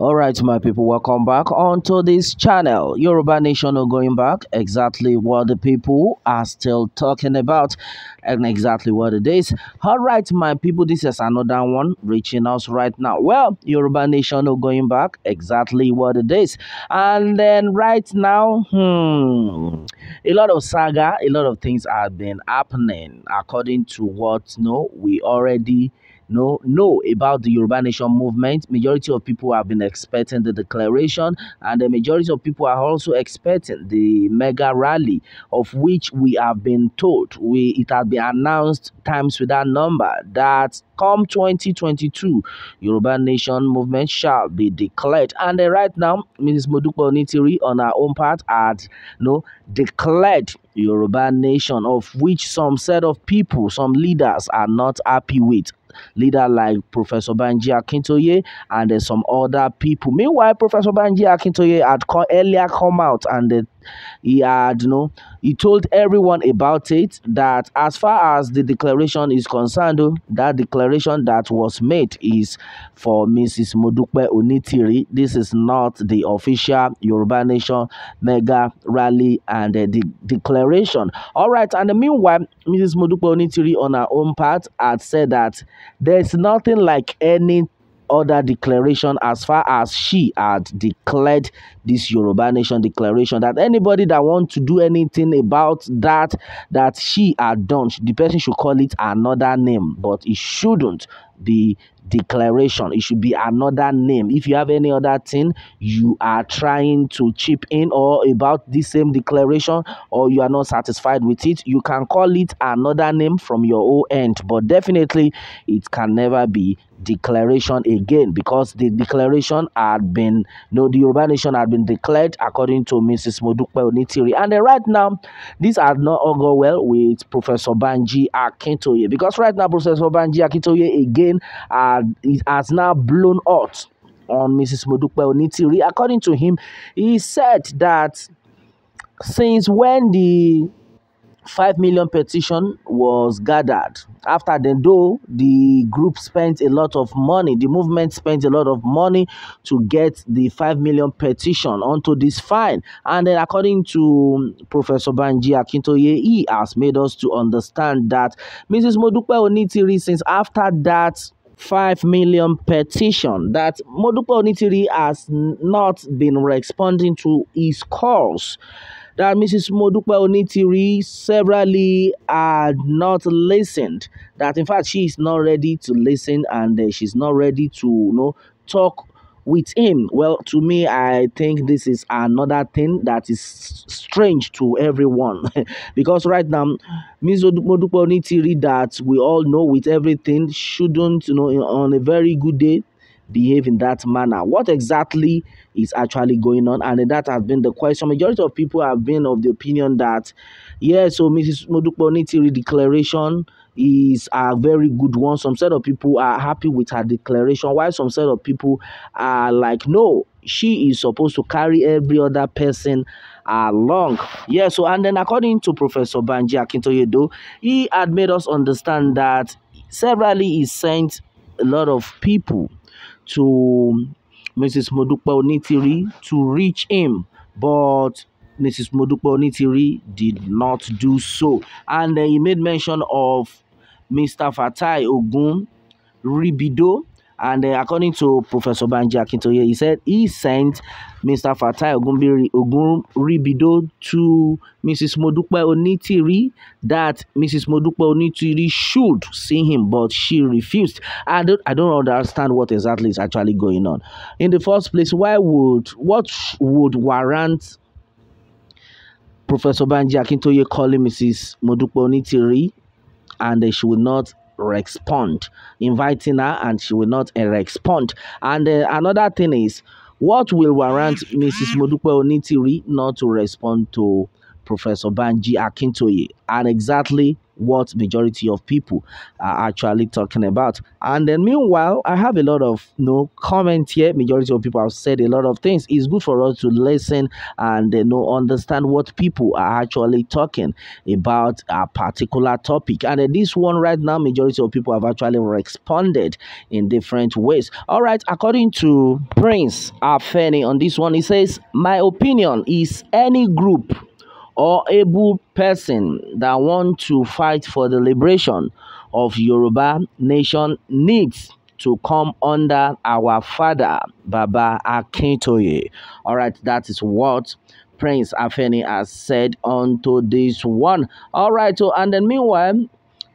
all right my people welcome back onto this channel yoruba nation are going back exactly what the people are still talking about and exactly what it is all right my people this is another one reaching us right now well yoruba nation are going back exactly what it is and then right now hmm, a lot of saga a lot of things have been happening according to what no we already know, know about the Yoruba Nation movement. Majority of people have been expecting the declaration, and the majority of people are also expecting the mega rally, of which we have been told we it has been announced times without number that come 2022, Yoruba Nation movement shall be declared. And uh, right now, Ms. Modupo Nitiri on her own part had you know, declared Yoruba Nation, of which some set of people, some leaders are not happy with leader like Professor Banji Akintoye and uh, some other people. Meanwhile, Professor Banji Akintoye had earlier come out and uh, he had you no, know, he told everyone about it that as far as the declaration is concerned, oh, that declaration that was made is for Mrs. Modupe Onitiri. This is not the official Yoruba Nation mega rally and uh, the declaration. All right, and meanwhile, Mrs. Modupe Onitiri on her own part had said that there's nothing like anything other declaration as far as she had declared this Yoruba Nation declaration that anybody that want to do anything about that that she had done, the person should call it another name, but it shouldn't be declaration. It should be another name. If you have any other thing you are trying to chip in or about the same declaration or you are not satisfied with it, you can call it another name from your own end. But definitely, it can never be declaration again because the declaration had been, you no, know, the Yoruba nation had been declared according to Mrs. Modupe Onitiri. And then right now, this had not all go well with Professor Banji Akintoye because right now, Professor Banji Akintoye again uh, has now blown out on Mrs. Modupe Onitiri. According to him, he said that since when the 5 million petition was gathered after the though the group spent a lot of money the movement spent a lot of money to get the 5 million petition onto this file and then according to professor banji akintoye he has made us to understand that mrs modupe onitiri since after that 5 million petition that Modupe Onitiri has not been responding to his calls that Mrs. Modupe Onitiri severally had not listened. That in fact she is not ready to listen and uh, she's not ready to you know talk with him. Well, to me, I think this is another thing that is strange to everyone because right now, Mrs. Modupe Onitiri, that we all know with everything, shouldn't you know on a very good day behave in that manner? What exactly is actually going on? And that has been the question. Majority of people have been of the opinion that, yeah, so Mrs. Modukbo Nitiri declaration is a very good one. Some set of people are happy with her declaration, while some set of people are like, no, she is supposed to carry every other person along. Yeah, so and then according to Professor Banji Akintoyedo, he had made us understand that severally he sent a lot of people to Mrs. Modupe Onitiri to reach him, but Mrs. Modupe Onitiri did not do so. And uh, he made mention of Mr. Fatai Ogun Ribido And uh, according to Professor Banji Akintoye, he said he sent Mr. Fatai Ogunribido to Mrs. Modupe Onitiri that Mrs. Modupe Onitiri should see him, but she refused. I don't, I don't understand what exactly is actually going on. In the first place, why would, what would warrant Professor Banji Akintoye calling Mrs. Modupe Onitiri and uh, she would not respond, inviting her, and she will not uh, respond. And uh, another thing is, what will warrant Mrs. Modupe Onitiri not to respond to Professor Banji Akintoye? And exactly what majority of people are actually talking about. And then meanwhile, I have a lot of you no know, comment here. Majority of people have said a lot of things. It's good for us to listen and you know understand what people are actually talking about a particular topic. And uh, this one right now, majority of people have actually responded in different ways. All right, according to Prince Afeni on this one, he says, My opinion is any group or able person that want to fight for the liberation of Yoruba nation needs to come under our father, Baba Akintoye. All right, that is what Prince Afeni has said unto this one. All right, so and then meanwhile,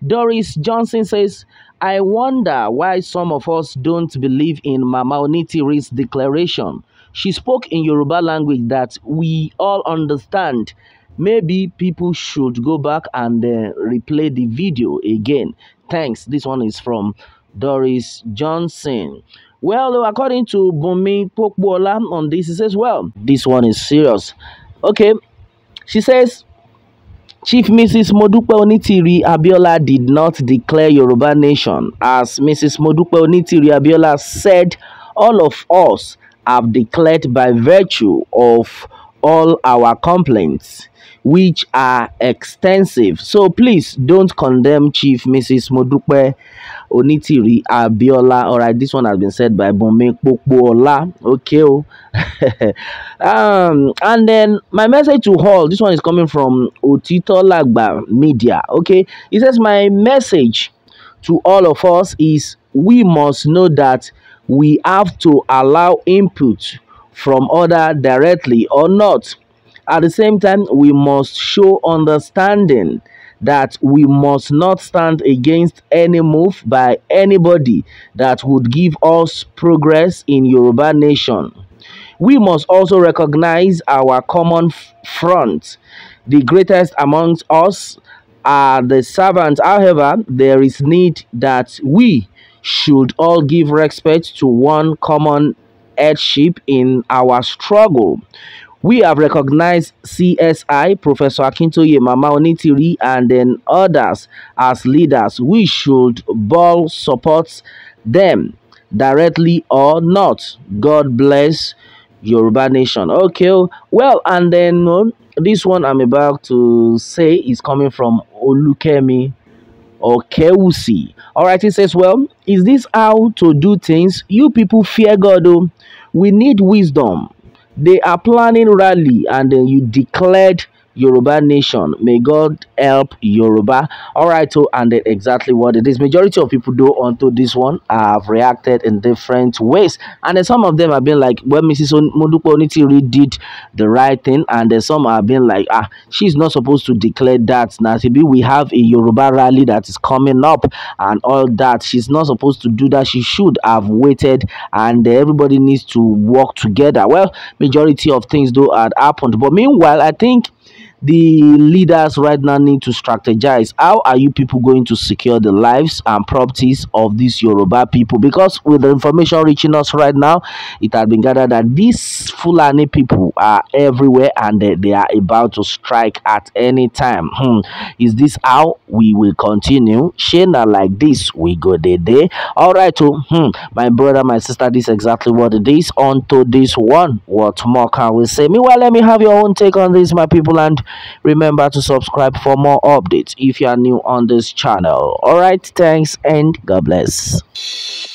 Doris Johnson says, I wonder why some of us don't believe in Mama Onitiri's declaration. She spoke in Yoruba language that we all understand Maybe people should go back and uh, replay the video again. Thanks. This one is from Doris Johnson. Well, according to Bumi Pokbola on this, he says, well, this one is serious. Okay. She says, Chief Mrs. Modupe Onitiri Abiola did not declare Yoruba Nation. As Mrs. Modupe Onitiri Abiola said, all of us have declared by virtue of all our complaints, which are extensive. So please don't condemn Chief Mrs. Modupe Onitiri Abiola. All right, this one has been said by Bome Pokpoola. Okay. Oh. um, and then my message to all, this one is coming from Otito Lagba Media. Okay, it says my message to all of us is we must know that we have to allow input from other directly or not. At the same time, we must show understanding that we must not stand against any move by anybody that would give us progress in Yoruba nation. We must also recognize our common front. The greatest amongst us are the servants. However, there is need that we should all give respect to one common headship in our struggle. We have recognized CSI, Professor Akintoye Mama Onitiri, and then others as leaders. We should all support them directly or not. God bless Yoruba Nation. Okay, oh, well, and then uh, this one I'm about to say is coming from Olukemi or Keusi. All right, he says, well, is this how to do things? You people fear God, though. We need wisdom. They are planning rally and then you declared Yoruba nation. May God help Yoruba. All right, so and then exactly what it is. Majority of people do onto this one have reacted in different ways, and then some of them have been like, "Well, Mrs. Modupo Onitiri did the right thing," and then some have been like, "Ah, she's not supposed to declare that." Now, we have a Yoruba rally that is coming up, and all that. She's not supposed to do that. She should have waited, and everybody needs to work together. Well, majority of things do had happened, but meanwhile, I think the leaders right now need to strategize. How are you people going to secure the lives and properties of these Yoruba people? Because with the information reaching us right now, it has been gathered that these Fulani people are everywhere and they, they are about to strike at any time. Hmm. Is this how we will continue? Shana like this, we go day day. All right, so, oh, hmm. my brother, my sister, this is exactly what it is. On to this one, what more can we say? Meanwhile, let me have your own take on this, my people, and Remember to subscribe for more updates if you are new on this channel. Alright, thanks and God bless.